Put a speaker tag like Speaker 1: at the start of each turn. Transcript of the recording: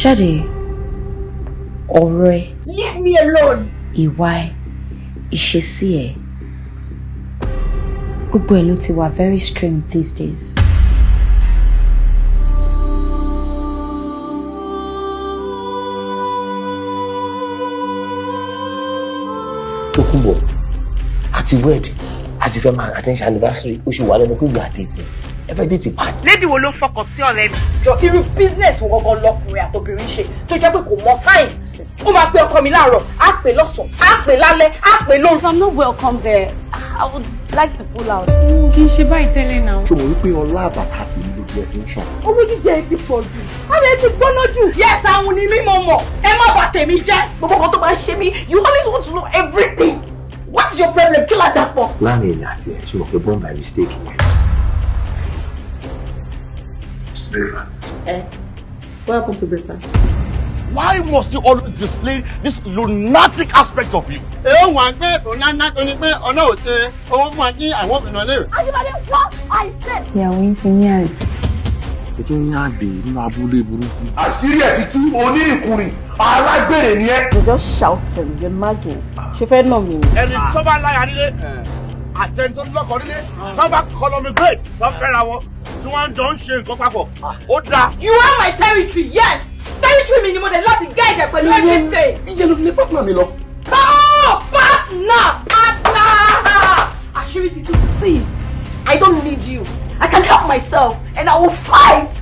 Speaker 1: Shadi, ọ̀rọ̀ leave me alone. ìwà ẹ ìṣesí eluti gbogbo very strange these days. Tókunbọ̀ àti wed àti fẹ́ máa àti ṣe anniversary ó ṣe wà lẹ́nu pé ìgbà àdétì ẹ fẹ́ dé ti pa. lédi wo ló fọkàn sí ọ̀rẹ́ mi. jọ irú business wo gangan lọkùnrin àtobìnrin ṣe tó jẹ́ pé kò mọ time ó máa pe ọkọ mi láàárọ̀ á pè lọ́sàn-án á pè lálẹ́ á pè lóru. if i'm not welcome there i would like to pull out. mo kì í ṣe báyìí tẹ́lẹ̀ náà. ṣòwò wípé ọlá àbàtà kì í lójú ẹ̀ tó ń ṣàn. owó jíjẹ ti pọ̀ jù ara ẹ ti gbóná jù. yes àwọn ni mí mo mọ̀ ẹ má bà tèmi jẹ́. gbogbo kan tó bá ṣe mí you always want to know everything what is your problem kí ládàá pọ̀. láàrin èmi àti ẹ ṣe mọ̀ pé born by mistake yẹn. Breakfast. Eh? What happened to breakfast? Why must you always display this lunatic aspect of you? Èyí wà pé ọ̀nàdá tó ní pé ọ̀nà ò tẹ owó fún wa kí àwọn what I said. Ìyàwó yín ti ní àrè. Ó tún ní àdè nínú abúlé burúkú. Àṣírí ẹ̀ ti tú oní ìkùnrin alágbèrè ni ẹ. You're just shouting, you're nagging. Ṣé fẹ́ nà mí ni? Ẹni tó bá láyà nílé. Eh àtẹnitọ́ lọ́kọ̀ nílé tí wọ́n bá colomigrate wọn tí wọ́n jọ ń ṣe nǹkan papọ̀ ah. ó dáa. you are my territory yes territory mi ni mo dé láti gé ẹ̀jẹ̀ pẹ̀lú everything. iye ló fi lè pàtnà mi lọ. báwo pàtnà pàtnà àṣírí ti tún sí i don't need you i can help myself and i will fight.